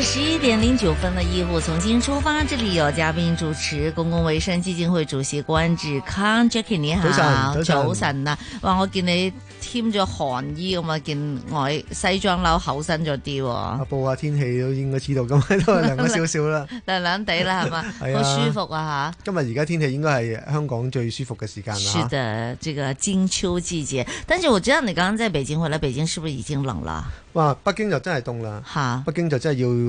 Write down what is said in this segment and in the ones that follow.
十一點零九分的《醫護重新出發》，這裏有嘉賓主持，公共衛生基金會主席關智康 Jackie，你好，早晨啊，哇，我見你添咗寒衣咁啊，件外西裝褸厚身咗啲。阿布下天氣都應該知道，今日都涼咗少少啦，涼涼地啦，係嘛？好、 啊、舒服啊吓。今日而家天氣應該係香港最舒服嘅時間啦。是的，這個金秋季節。但是我知道你剛剛在北京回來，北京是不是已經冷啦？哇，北京就真係凍啦。吓，北京就真係要。 要着羽絨，羽絨穿啊！啊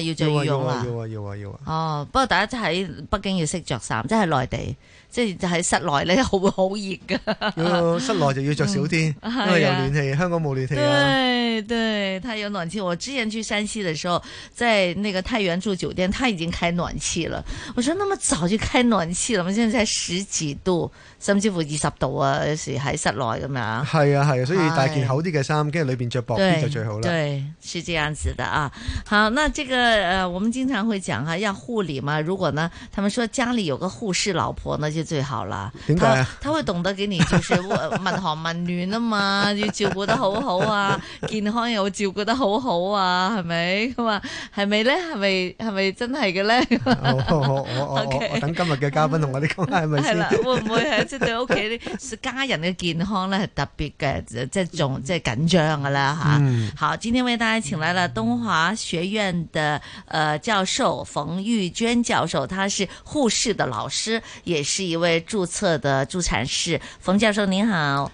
要着羽絨啦。哦，不過大家喺北京要識着衫，即係內地。即係就喺室內咧，好好熱噶。 室內就要着少啲，嗯、因為有暖氣。啊、香港冇暖氣啊。對對，太有暖氣。我之前去山西嘅時候，在那個太原住酒店，他已經開暖氣了。我說：那麼早就開暖氣了，我現在才十幾度，甚至乎二十度啊。有時喺室內咁樣。係啊係啊、嗯，所以帶件厚啲嘅衫，跟住裏邊着薄啲就最好啦。對，係咁樣子嘅啊。好，那這個，呃，我們經常會講啊，要護理嘛。如果呢，他們說家裏有個護士老婆呢。就最好啦，點解何？他會懂得給你，就是問寒問暖啊嘛， 要照顧得好好啊，健康又照顧得好好啊，係咪？咁啊，係咪咧？係咪？係咪真係嘅咧？我等今日嘅嘉賓同我哋講，係咪先？會唔會係即係對屋企啲家人嘅健康咧？係特別嘅，即係仲即係緊張噶啦吓。就是啊嗯、好，今天為大家請嚟啦，東華學院的誒、呃、教授馮玉娟，娟教授，他是護士的老師，也是。一位註冊的助產士，馮教授您好。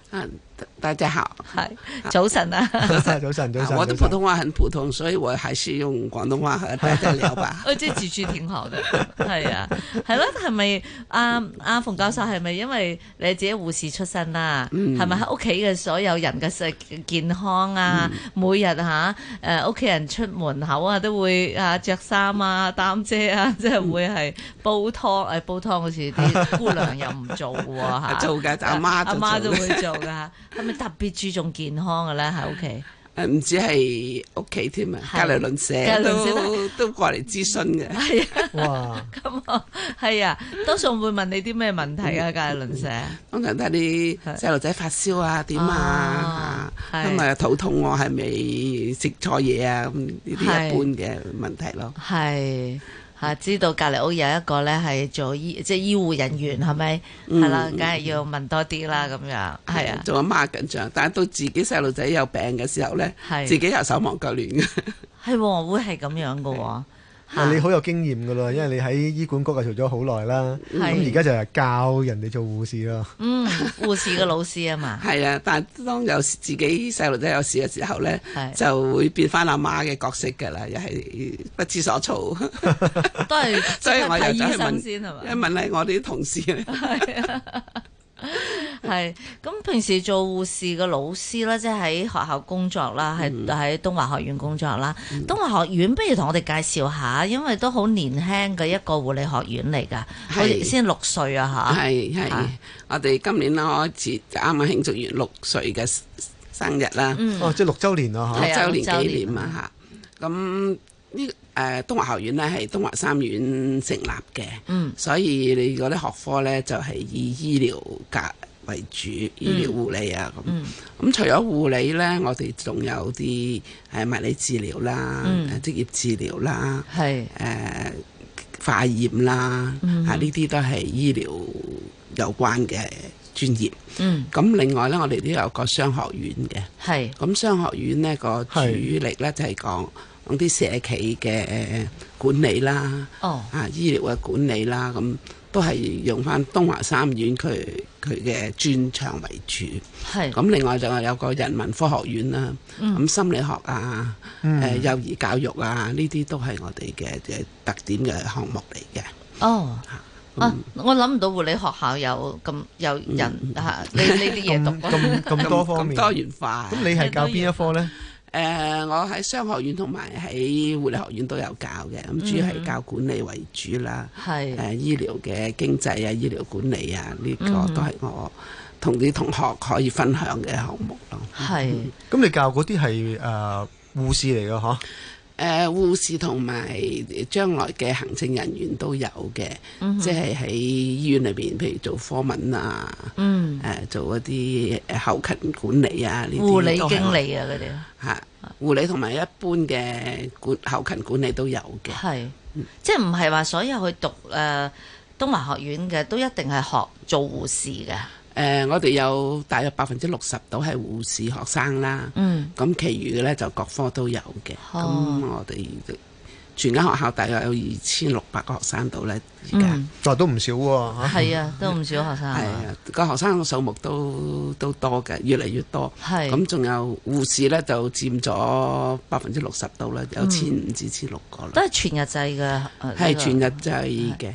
大家好，係早晨啊，早晨早晨，早晨。我的普通話很普通，所以我還是用廣東話和大家聊吧。 啊、即這幾句挺好的，係啊，係咯、啊，係咪阿阿馮教授係咪因為你自己護士出身啊？係咪喺屋企嘅所有人嘅健康啊？嗯、每日吓、啊、誒，屋、啊、企人出門口啊，都會啊着衫啊，擔遮啊，即係會係煲湯誒、哎，煲湯好似啲姑娘又唔做嘅、啊啊、做嘅，阿媽阿媽都會做噶，啊 特別注重健康嘅呢喺屋企，誒唔止係屋企添啊，是隔籬鄰舍都隔都過嚟諮詢嘅，係、嗯、啊，咁哇、 嗯嗯嗯、啊，係是啊，多數會問你啲咩問題啊？隔籬鄰舍通常睇啲細路仔發燒啊，點啊，咁啊肚痛，我係咪食錯嘢啊？咁呢啲一般嘅問題咯，係。啊！知道隔籬屋有一個咧係做醫，即係醫護人員，係咪？係啦、嗯，梗係要問多啲啦，咁樣係啊，做阿、啊、媽、媽緊張，但係到自己細路仔有病嘅時候咧，啊、自己又手忙腳亂嘅，係、 啊、會係咁樣嘅喎、啊。啊、你好有經驗噶咯，因為你喺醫管局啊做咗好耐啦，咁而家就係教人哋做護士咯。嗯，護士嘅老師啊嘛。係 啊，但係當有自己細路仔有事嘅時候咧，是就會變翻阿媽嘅角色㗎啦，又係不知所措。 都係是， 所以我又走去問醫生先係嘛？一問係我啲同事。 係，咁平時做護士嘅老師啦，即係喺學校工作啦，係喺東華學院工作啦。東華學院，不如同我哋介紹下，因為都好年輕嘅一個護理學院嚟噶我哋先六歲啊吓，係係，我哋今年咧開始啱啱慶祝完六歲嘅生日啦，哦，即係六周年咯吓，周年紀念啊吓，咁呢？誒東華學院咧係東華三院成立嘅，所以你嗰啲學科咧就係以醫療格為主，醫療護理、嗯嗯、啊咁。咁除咗護理咧，我哋仲有啲誒物理治療啦、嗯、職業治療啦、係誒、嗯啊、化驗啦嚇，呢啲、嗯、都係醫療有關嘅專業。咁、嗯、另外咧，我哋都有個商學院嘅，係咁、嗯、商學院呢個主力咧就係講。嗰啲社企嘅管理啦，哦，啊，醫療嘅管理啦，咁都係用翻東華三院佢佢嘅專長為主，係。咁另外就係有個人文科學院啦，咁心理學啊，誒，幼兒教育啊，呢啲都係我哋嘅嘅特點嘅項目嚟嘅。哦，我諗唔到護理學校有咁有人嚇呢呢啲嘢讀，咁多方面，多元化。咁你係教邊一科呢？誒、呃，我喺商學院同埋喺護理學院都有教嘅，咁主要係教管理為主啦。係誒、mm hmm. 呃，醫療嘅經濟啊，醫療管理啊，呢、呢個都係我同啲同學可以分享嘅項目咯。係、mm。咁、hmm. 嗯、你教嗰啲係誒護士嚟㗎嚇？誒、呃、護士同埋將來嘅行政人員都有嘅，mm hmm. 即係喺醫院裏邊，譬如做科文啊，誒、mm hmm. 呃、做一啲後勤管理啊，護理經理啊啲，嚇護理同埋一般嘅管後勤管理都有嘅，係是、嗯、即係唔係話所有去讀誒、呃、東華學院嘅都一定係學做護士嘅？誒、呃，我哋有大約百分之六十度係護士學生啦，咁、嗯、其餘嘅呢就各科都有嘅。咁、啊、我哋全間學校大約有二千六百個學生度呢。而家再都唔少喎、啊。係啊、啊，都唔少學生學。係啊，個學生數目都都多嘅，越嚟越多。咁，仲有護士呢，就佔咗百分之六十度啦，有千五至千六個、嗯。都係全日制嘅。係、啊這個、全日制嘅。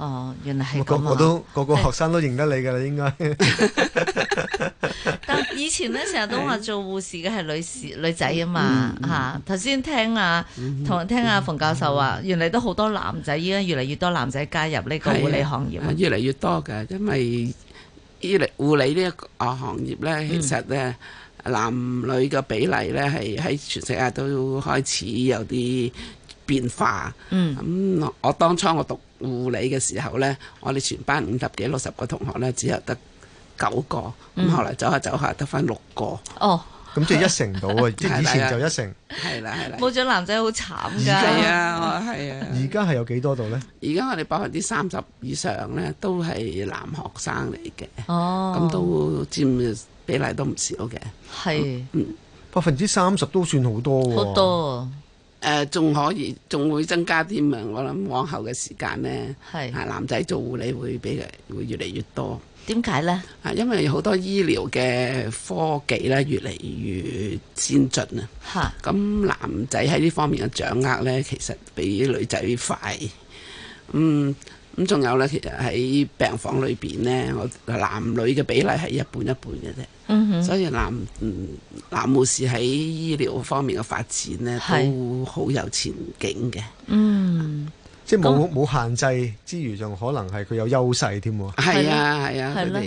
哦，原來係咁、啊、都個個學生都認得你㗎啦，應該。但以前咧，成日都話做護士嘅係女士是女仔嘛、嗯嗯、啊嘛吓，頭先聽啊，同聽阿、啊、馮教授話，嗯嗯、原來都好多男仔，依家越嚟越多男仔加入呢個護理行業，啊、越嚟越多嘅，因為醫力護理呢個行業咧，其實咧、嗯、男女嘅比例咧係喺全世界都開始有啲變化，咁、嗯嗯、我當初我讀護理嘅時候呢，我哋全班五十幾六十個同學呢，只有得九個，咁後來走下走下得翻六個，哦，咁 即係一成到啊，即係以前就一成，係啦係啦，冇咗男仔好慘噶，係啊係啊，而家係有幾多度呢？而家我哋百分之三十以上呢，都係男學生嚟嘅，哦，咁都佔比例都唔少嘅，係的，百分之三十都算好多。哦，好多。仲、呃、可以，仲會增加啲咩？我諗往後嘅時間呢，係是、啊、男仔做護理會比會越嚟越多。點解呢、啊？因為好多醫療嘅科技咧越嚟越先進哈啊。嚇！咁男仔喺呢方面嘅掌握呢，其實比女仔快。嗯。咁仲有咧，其實喺病房裏邊咧，我男女嘅比例係一半一半嘅啫。嗯哼。所以男男護士喺醫療方面嘅發展咧，都好有前景嘅。嗯。即係冇冇限制之餘，仲可能係佢有優勢添喎。係啊係啊。係咯。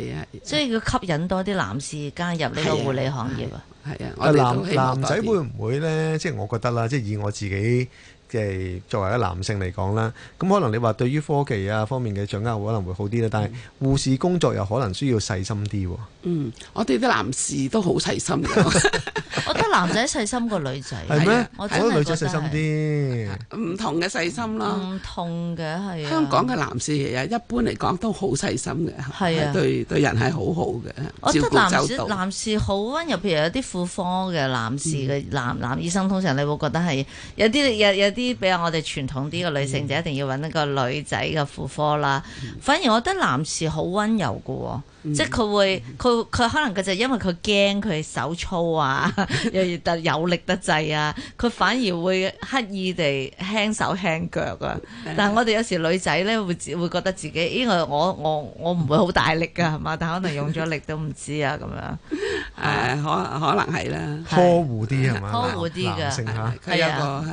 所以要吸引多啲男士加入呢個護理行業啊。係啊。誒，男男仔會唔會咧？即係我覺得啦，即係以我自己。即作為一個男性嚟講啦，咁可能你話對於科技啊方面嘅掌握可能會好啲啦。但係護士工作又可能需要細心啲。嗯，我哋啲男士都好細心。 我覺得男仔細心過女仔，係咩嗎？我真係覺得係女仔細心啲。唔同嘅細心啦。唔同嘅係、啊、香港嘅男士又一般嚟講都好細心嘅，係啊，對對人係好好嘅。啊、我覺得男士男士好溫柔，譬如有啲婦科嘅男士嘅男、嗯、男醫生，通常你會覺得係有啲有有啲，比較我哋傳統啲嘅女性、嗯、就一定要搵一個女仔嘅婦科啦。嗯、反而我覺得男士好溫柔嘅喎。即係佢會，佢佢可能佢就因為佢驚佢手粗啊，又得有力得滯啊，佢反而會刻意地輕手輕腳啊。但係我哋有時女仔咧會會覺得自己，咦我我我我唔會好大力噶係嘛，但可能用咗力都唔知啊咁樣，誒可可能係啦，呵護啲係嘛，呵護啲噶，係啊，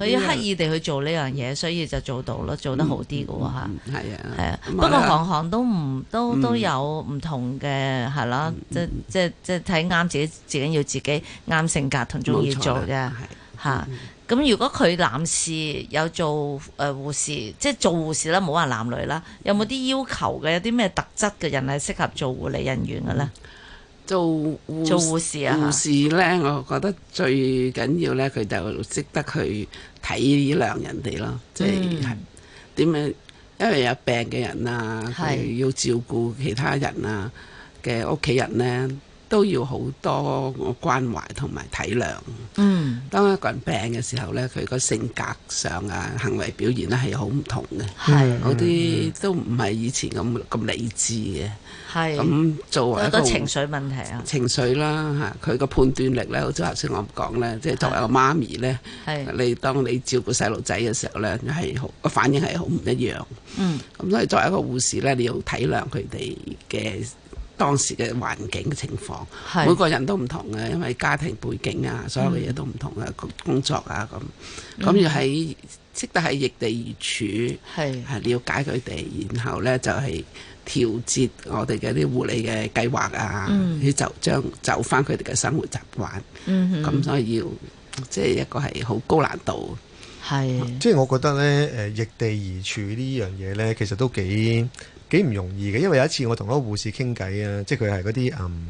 佢刻意地去做呢樣嘢，所以就做到咯，做得好啲噶吓，係啊，係啊，不過行行都唔都都有唔。唔同嘅係啦，即即即睇啱自己，自己要自己啱性格同中意做啫。吓。咁的、嗯、如果佢男士有做誒護、呃、士，即做護士啦，冇話男女啦，有冇啲要求嘅？有啲咩特質嘅人係適合做護理人員嘅咧？做護做護士啊？護士咧，我覺得最緊要咧，佢就識得去體諒人哋咯，即係點樣？嗯因為有病嘅人啊，佢要照顧其他人啊嘅屋企人呢，都要好多我關懷同埋體諒。嗯，當一個人病嘅時候呢，佢個性格上啊、行為表現咧係好唔同嘅，嗰啲的都唔係以前咁咁理智嘅。係咁是，作為一個情緒問題啊，情緒啦嚇，佢個判斷力咧，好似頭先我講咧，即係作為個媽咪咧，你當你照顧細路仔嘅時候咧，係個反應係好唔一樣。嗯。咁所以作為一個護士咧，你要體諒佢哋嘅當時嘅環境嘅情況，是每個人都唔同嘅，因為家庭背景啊，所有嘅嘢都唔同啊，嗯、工作啊咁。咁要喺識、嗯、得喺易地而處，係瞭解佢哋，是是然後咧就係、是。調節我哋嘅啲護理嘅計劃啊，佢就將就翻佢哋嘅生活習慣，咁、嗯、哼 所以要即係一個係好高難度，係是。 即係我覺得呢，誒易地而處呢樣嘢呢，其實都幾幾唔容易嘅，因為有一次我同嗰個護士傾偈啊，即係佢係嗰啲嗯。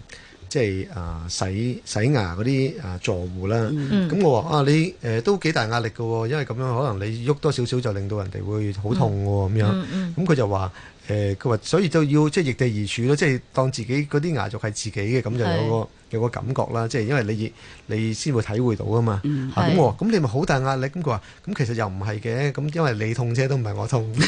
即係誒、呃、洗洗牙嗰啲誒助護啦，咁、呃嗯、我話啊你誒、呃、都幾大壓力嘅喎、哦，因為咁樣可能你喐多少少就令到人哋會好痛喎、哦、咁、嗯、樣，咁佢、嗯嗯、就話誒佢話所以就要即係逆地而處咯，即係當自己嗰啲牙就係自己嘅咁就有個,是有,個有個感覺啦，即係因為你你先會體會到啊嘛，咁咁、嗯啊、你咪好大壓力，咁佢話咁其實又唔係嘅，咁因為你痛啫，都唔係我痛。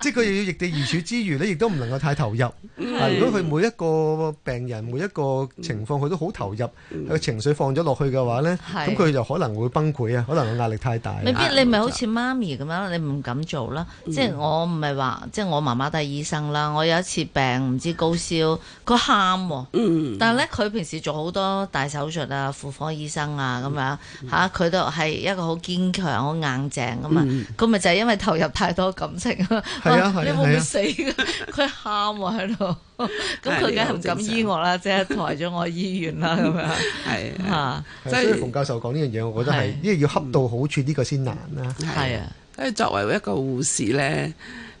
即係佢要易地而處之餘咧，亦都唔能夠太投入。啊、如果佢每一個病人每一個情況，佢都好投入，佢個 情緒放咗落去嘅話咧，咁佢 就可能會崩潰啊！可能個壓力太大。未的必你咪好似媽咪咁樣，你唔敢做啦、嗯。即係我唔係話，即係我媽媽都係醫生啦。我有一次病唔知高燒，佢喊、啊。嗯但係咧，佢平時做好多大手術啊、婦科醫生啊咁樣吓，佢、啊啊、都係一個好堅強、好硬淨噶嘛。佢咪、啊、就係因為投入太多感情。 你有冇會死㗎？佢喊喺度，咁佢梗係唔敢醫我啦，即係抬咗我醫院啦咁樣。係啊，所以馮教授講呢樣嘢，我覺得係，因為要恰到好處呢個先難啦。係啊，所以作為一個護士咧，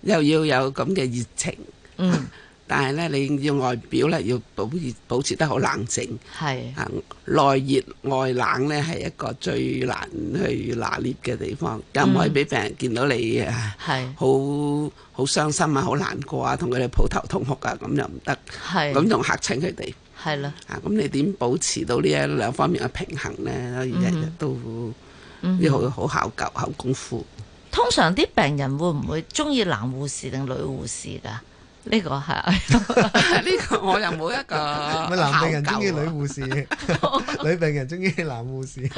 又要有咁嘅熱情。嗯。但係咧，你要外表咧要保持保持得好冷靜，係是啊，內熱外冷咧係一個最難去拿捏嘅地方，又唔可以俾病人見到你、嗯、啊，係好好傷心啊，好難過啊，同佢哋抱頭痛哭啊，咁又唔得，係咁仲嚇親佢哋，係啦，啊咁你點保持到呢一兩方面嘅平衡咧？日日都，要好好考究，好功夫。嗯、通常啲病人會唔會中意男護士定女護士㗎？呢個係，呢個我又冇一個。男病人中意女護士， 女病人中意男護士。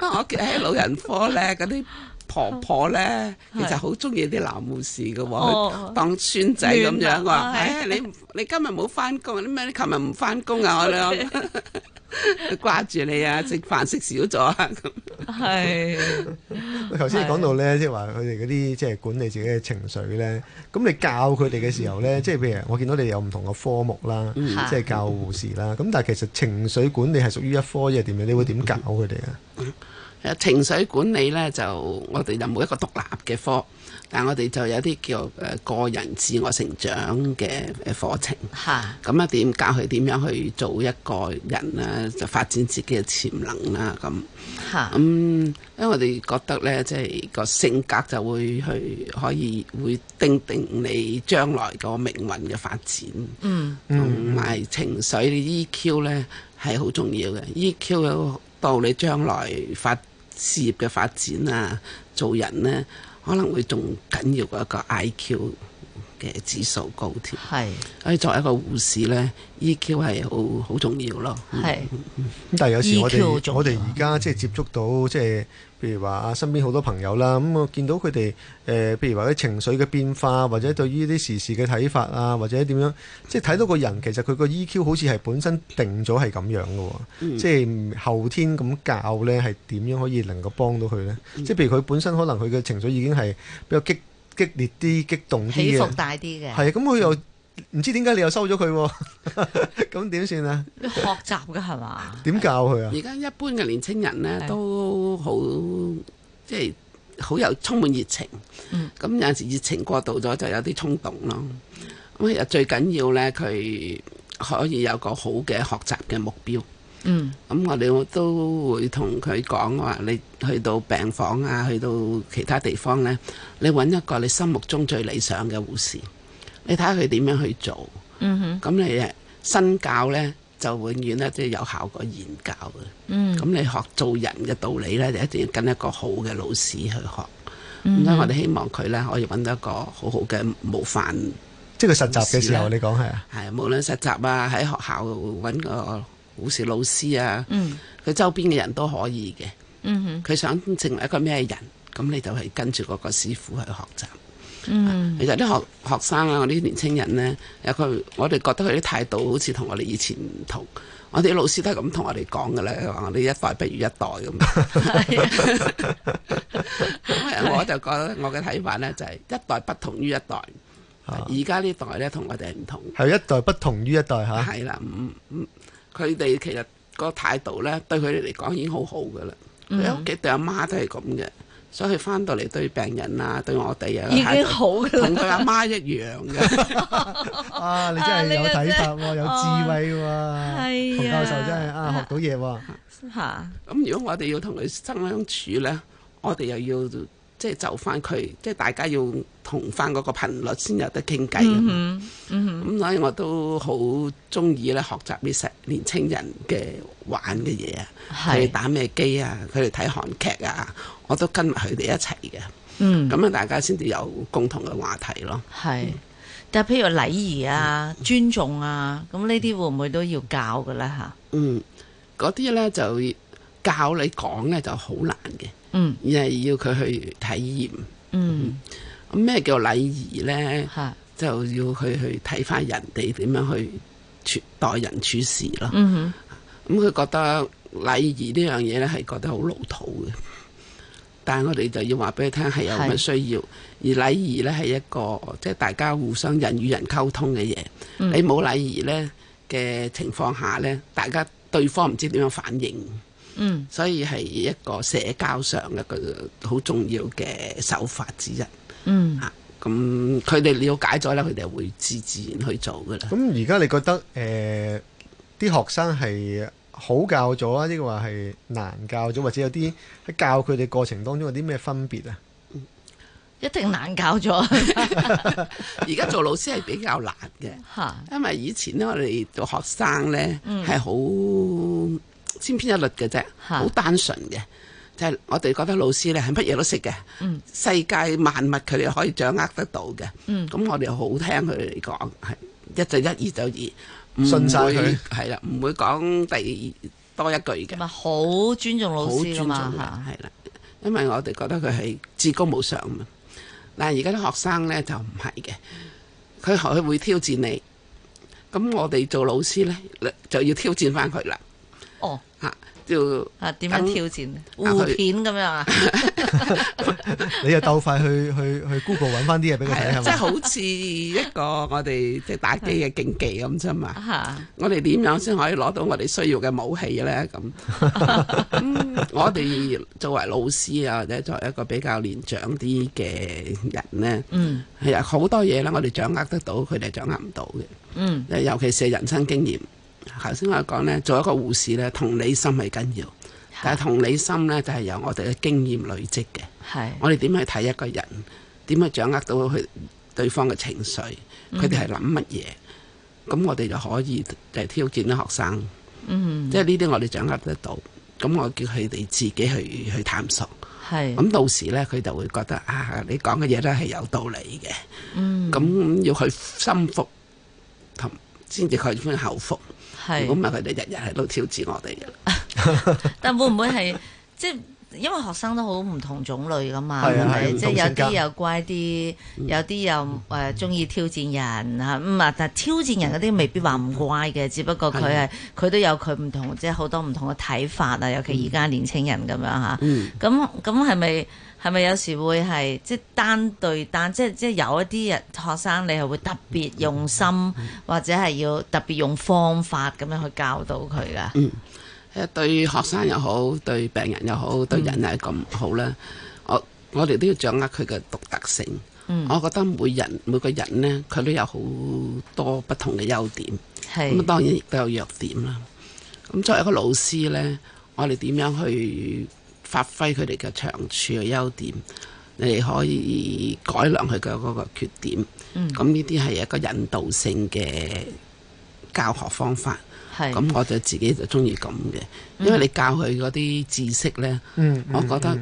我見喺老人科咧，嗰啲婆婆咧，其實好中意啲男護士㗎喎，哦、當孫仔咁樣，話、啊：，哎，你你今日冇翻工，咩？你琴日唔翻工啊？我哋、嗯。 掛住你啊！食飯食少咗啊！咁係。頭先講到咧，即係話佢哋嗰啲即係管理自己嘅情緒咧。咁你教佢哋嘅時候咧，即係譬如我見到你有唔同嘅科目啦，即係教護士啦。咁但係其實情緒管理係屬於一科嘅，點樣你會點教佢哋啊？誒，情緒管理咧就我哋就冇一個獨立嘅科。但我哋就有啲叫誒個人自我成長嘅誒課程，咁啊點教佢點樣去做一個人啦？就發展自己嘅潛能啦咁，咁的、嗯、因為我哋覺得咧，即係個性格就會去可以會定定你將來個命運嘅發展，同埋、嗯、情緒 EQ 咧係好重要嘅、嗯、EQ，到你將來發事業嘅發展啊，做人咧。可能會仲緊要過一個 IQ 嘅指數高啲，係是。喺作為一個護士咧，EQ 係好好重要咯。係是。嗯、但係有時我哋我哋而家即係接觸到即係。譬如話啊，身邊好多朋友啦，咁我見到佢哋誒，呃、譬如話啲情緒嘅變化，或者對於啲時事嘅睇法啊，或者點樣，即係睇到個人其實佢個 EQ 好似係本身定咗係咁樣嘅喎，嗯、即係後天咁教呢係點樣可以能夠幫到佢呢？嗯、即係譬如佢本身可能佢嘅情緒已經係比較激激烈啲、激動啲嘅，起伏大啲嘅，係啊，咁佢又。嗯唔知點解你又收咗佢，咁點算啊？ 學習噶係嘛？點教佢啊？而家一般嘅年輕人呢，都好是，即係好有充滿熱情。嗯，咁有陣時熱情過度咗就有啲衝動咯。咁又、嗯、最緊要呢，佢可以有個好嘅學習嘅目標。嗯，咁我哋都會同佢講話，你去到病房啊，去到其他地方呢，你揾一個你心目中最理想嘅護士。你睇下佢點樣去做，咁、mm hmm. 你誒身教呢，就永遠咧即係有效果言教嘅。咁、mm hmm. 你學做人嘅道理呢，就一定要跟一個好嘅老師去學。咁、mm hmm. 我哋希望佢呢，可以揾到一個好好嘅模範。即係佢實習嘅時候，你講係啊？係無論實習啊，喺學校揾個護士老師啊，佢、mm hmm. 周邊嘅人都可以嘅。佢、mm hmm. 想成為一個咩人，咁你就係跟住嗰個師傅去學習。嗯，其實啲學學生啊，我啲年青人咧，誒佢我哋覺得佢啲態度好似同我哋以前唔同，我哋啲老師都係咁同我哋講嘅咧，話我哋一代不如一代咁。係，咁我就覺得我嘅睇法咧就係、是、一代不同於一代，而家、啊、呢代咧同我哋係唔同。係一代不同於一代嚇。係、啊、啦，佢哋、嗯嗯、其實個態度咧對佢哋嚟講已經好好嘅啦，佢喺屋企對阿媽都係咁嘅。所以返到嚟對病人啊，對我哋啊，已經好嘅。同佢阿媽一樣嘅。 啊，你真係有睇法喎，有智慧喎。係啊，哦、馮教授真係啊，學到嘢喎、啊。咁、啊 嗯、如果我哋要同佢相處咧，我哋又要。即係就翻佢，即係大家要同翻嗰個頻率先有得傾偈。咁所以我都好中意咧學習啲細年青人嘅玩嘅嘢是啊，佢哋打咩機啊，佢哋睇韓劇啊，我都跟埋佢哋一齊嘅。嗯、mm，咁樣，大家先至有共同嘅話題咯。係、mm hmm.，但係譬如禮儀啊、mm hmm. 尊重啊，咁呢啲會唔會都要教㗎喇？嚇、mm，嗯、hmm.，嗰啲咧就教你講咧就好難嘅。嗯，而係要佢去體驗。嗯，咁咩叫禮儀呢？係是就要去去睇翻人哋點樣去待人處事咯。咁佢、嗯哼嗯、覺得禮儀呢樣嘢呢係覺得好老土嘅，但係我哋就要話俾佢聽係有乜需要，是而禮儀呢係一個即係、就是、大家互相人與人溝通嘅嘢。你冇禮儀呢嘅情況下呢，大家對方唔知點樣反應。嗯，所以係一個社交上一個好重要嘅手法之一。嗯嚇，咁佢哋了解咗咧，佢哋會自自然去做㗎喇。咁而家你覺得誒啲、呃、學生係好教咗啊？呢個話係難教咗，或者有啲喺教佢哋過程當中有啲咩分別啊？嗯、一定難教咗。而 家 做老師係比較難嘅嚇， 因為以前咧我哋做學生咧係好。千篇一律嘅啫，好單純嘅就係、是、我哋覺得老師咧係乜嘢都識嘅世界萬物，佢哋可以掌握得到嘅。咁、嗯、我哋好聽佢哋講，係一就一，二就二，信晒佢係啦，唔會講第二多一句嘅。咪好尊重老師啦嘛，係啦吧，因為我哋覺得佢係至高無上嘛。嗱，而家啲學生咧就唔係嘅，佢佢會挑戰你咁，我哋做老師咧就要挑戰翻佢啦。哦，就啊，點樣挑戰？互去片咁樣啊？ 你又鬥快去去去 Google 揾翻啲嘢俾佢睇啊！即係 好似一個我哋即係打機嘅競技咁啫嘛。的我哋點樣先可以攞到我哋需要嘅武器咧？咁、 嗯，我哋作為老師啊，或者作為一個比較年長啲嘅人咧，嗯，係啊，好多嘢咧，我哋掌握得到，佢哋掌握唔到嘅，嗯，尤其是人生經驗。頭先我講呢，做一個護士呢，同理心係緊要，但係同理心呢，就係由我哋嘅經驗累積嘅。係是我哋點去睇一個人，點去掌握到佢對方嘅情緒，佢哋係諗乜嘢？咁、嗯、我哋就可以就挑戰啲學生。嗯、即係呢啲我哋掌握得到，咁我叫佢哋自己去去探索。係咁是到時呢，佢就會覺得啊，你講嘅嘢呢係有道理嘅。嗯，咁要去心服，同先至可以封口服。係，如果唔係佢哋日日喺度挑戰我哋嘅。 但會唔會係即係因為學生都好唔同種類噶嘛？係啊，係即係有啲又乖啲，有啲又誒中意挑戰人嚇。咁啊，但挑戰人嗰啲未必話唔乖嘅，只不過佢係佢都有佢唔同，即係好多唔同嘅睇法啊。尤其而家年青人咁樣嚇。咁咁係咪？嗯係咪有時會係即單對單，即即有一啲人學生，你係會特別用心，嗯嗯、或者係要特別用方法咁樣去教導佢噶？嗯，誒對學生又好，對病人又好，對人係咁好咧、嗯。我我哋都要掌握佢嘅獨特性。嗯、我覺得每人每個人呢，佢都有好多不同嘅優點。係咁啊，當然亦都有弱點啦。咁作為一個老師呢，我哋點樣去？發揮佢哋嘅長處嘅優點，你可以改良佢嘅嗰個缺點。咁呢啲係一個引導性嘅教學方法。咁是我就自己就鍾意咁嘅，嗯、因為你教佢嗰啲知識呢，嗯嗯、我覺得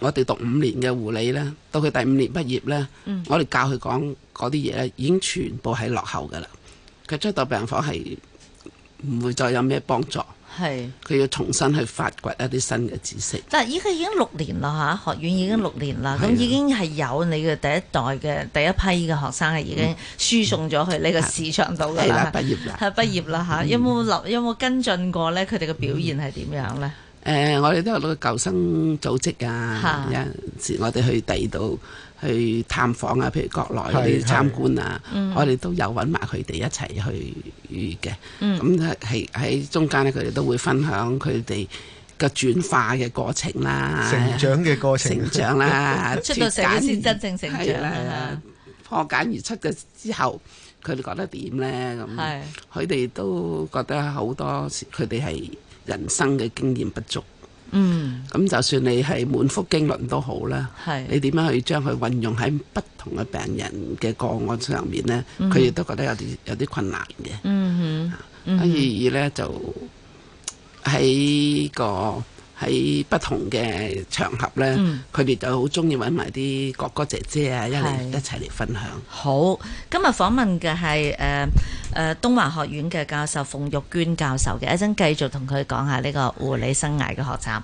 我哋讀五年嘅護理呢，到佢第五年畢業呢，嗯、我哋教佢講嗰啲嘢呢已經全部係落後㗎喇。佢出到病房係唔會再有咩幫助。係佢是要重新去發掘一啲新嘅知識。但係，依家已經六年啦嚇，學院已經六年啦，咁、嗯、已經係有你嘅第一代嘅第一批嘅學生係已經輸送咗去呢個市場度嘅。啦、嗯，畢業啦，係畢業啦嚇的。有冇留？有冇跟進過咧？佢哋嘅表現係點樣咧？誒、嗯呃，我哋都有攞個救生組織啊，我哋去第二度。的的去探訪啊，譬如國內嗰啲參觀啊，是是我哋都有揾埋佢哋一齊去嘅。咁係喺中間咧，佢哋都會分享佢哋嘅轉化嘅過程啦，成長嘅過程，成長，過程成長啦， 出到社會先真正成長啦。啊啊、破繭而出嘅之後，佢哋覺得點咧？咁佢哋都覺得好多時佢哋係人生嘅經驗不足。嗯，咁、mm hmm. 就算你係滿腹經綸都好啦，是你點樣去將佢運用喺不同嘅病人嘅個案上面咧？佢、mm hmm. 亦都覺得有啲有啲困難嘅。嗯哼、mm，跟住咧就喺個。喺不同嘅場合咧，佢哋、嗯、就好中意揾埋啲哥哥姐姐啊，是一齊一齊嚟分享。好，今日訪問嘅係誒誒東華學院嘅教授馮玉娟教授嘅，一陣繼續同佢講下呢個護理生涯嘅學習。